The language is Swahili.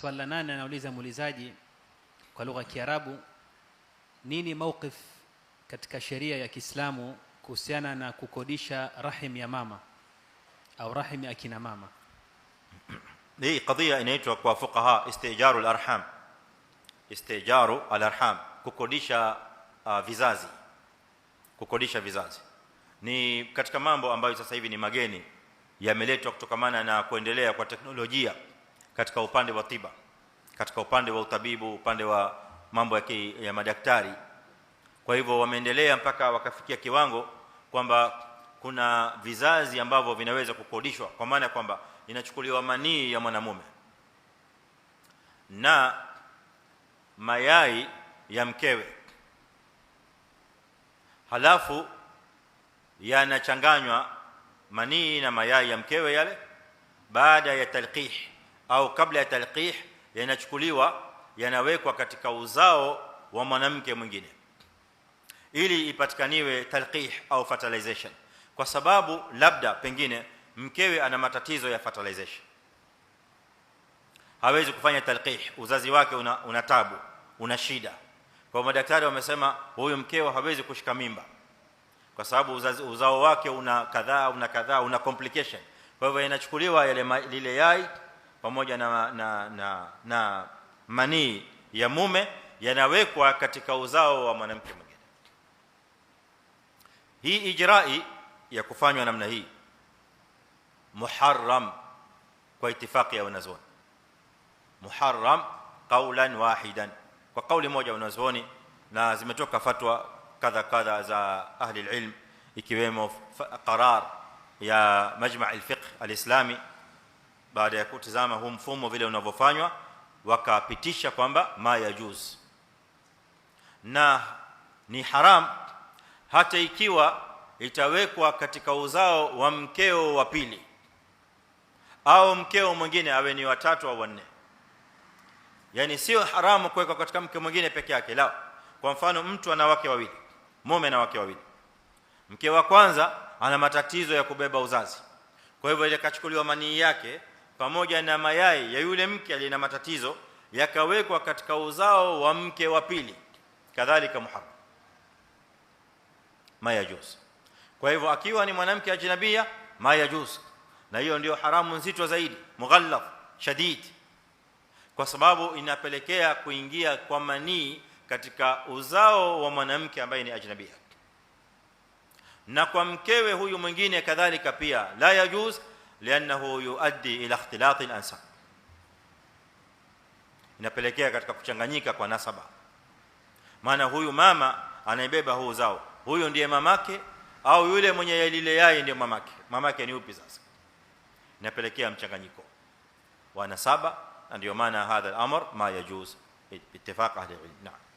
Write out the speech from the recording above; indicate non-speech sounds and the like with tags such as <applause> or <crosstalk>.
Swali la nane anauliza muulizaji kwa lugha ya Kiarabu, nini mauqif katika sheria ya Kiislamu kuhusiana na kukodisha rahim ya mama au rahim ya akina mama? <clears throat> Hii kadhia inaitwa kwa fuqaha istijaru alarham istijaru alarham kukodisha uh, vizazi. Kukodisha vizazi ni katika mambo ambayo sasa hivi ni mageni, yameletwa kutokamana na kuendelea kwa teknolojia katika upande wa tiba katika upande wa utabibu upande wa mambo ya, ki, ya madaktari kwa hivyo wameendelea mpaka wakafikia kiwango kwamba kuna vizazi ambavyo vinaweza kukodishwa kwa maana kwamba inachukuliwa manii ya mwanamume na mayai ya mkewe halafu yanachanganywa manii na mayai ya mkewe yale baada ya talqih au kabla ya talqih yanachukuliwa yanawekwa katika uzao wa mwanamke mwingine ili ipatikaniwe talqih au fertilization kwa sababu labda pengine mkewe ana matatizo ya fertilization hawezi kufanya talqih uzazi wake una, una tabu una shida kwa madaktari wamesema huyu mkewe hawezi kushika mimba kwa sababu uzazi, uzao wake una kadhaa una kadhaa una complication kwa hivyo inachukuliwa yale lile yai pamoja na, na, na, na manii ya mume yanawekwa katika uzao wa mwanamke mwingine. Hii ijrai ya kufanywa namna hii muharram kwa itifaki ya wanazuoni, muharram qaulan wahidan, kwa kauli moja wanazuoni, na zimetoka fatwa kadha kadha za ahli alilm ikiwemo qarar ya majma' alfiqh alislami baada ya kutizama huu mfumo vile unavyofanywa wakapitisha kwamba ma yajuz na ni haram hata ikiwa itawekwa katika uzao wa mkeo wa pili au mkeo mwingine awe ni watatu au wanne yani sio haramu kuweka katika mke mwingine peke yake la kwa mfano mtu ana wake wawili mume na wake wawili mke wa kwanza ana matatizo ya kubeba uzazi kwa hivyo ile kachukuliwa manii yake pamoja na mayai ya yule mke aliyena matatizo yakawekwa katika uzao wa mke wa pili kadhalika muharram mayajus kwa hivyo akiwa ni mwanamke ajnabia mayajus na hiyo ndio haramu nzito zaidi mughallaf shadid kwa sababu inapelekea kuingia kwa manii katika uzao wa mwanamke ambaye ni ajnabia na kwa mkewe huyu mwingine kadhalika pia la yajuz لانه يؤدي الى اختلاط al-ansab inapelekea katika kuchanganyika kwa nasaba maana huyu mama anaibeba huu zao huyu ndiye mamake au yule mwenye lile yai ndiye mamake mamake ni upi sasa inapelekea mchanganyiko wa nasaba ndio maana hadha al-amr ma yajuz bi ittifaq ahli al-ilm na'am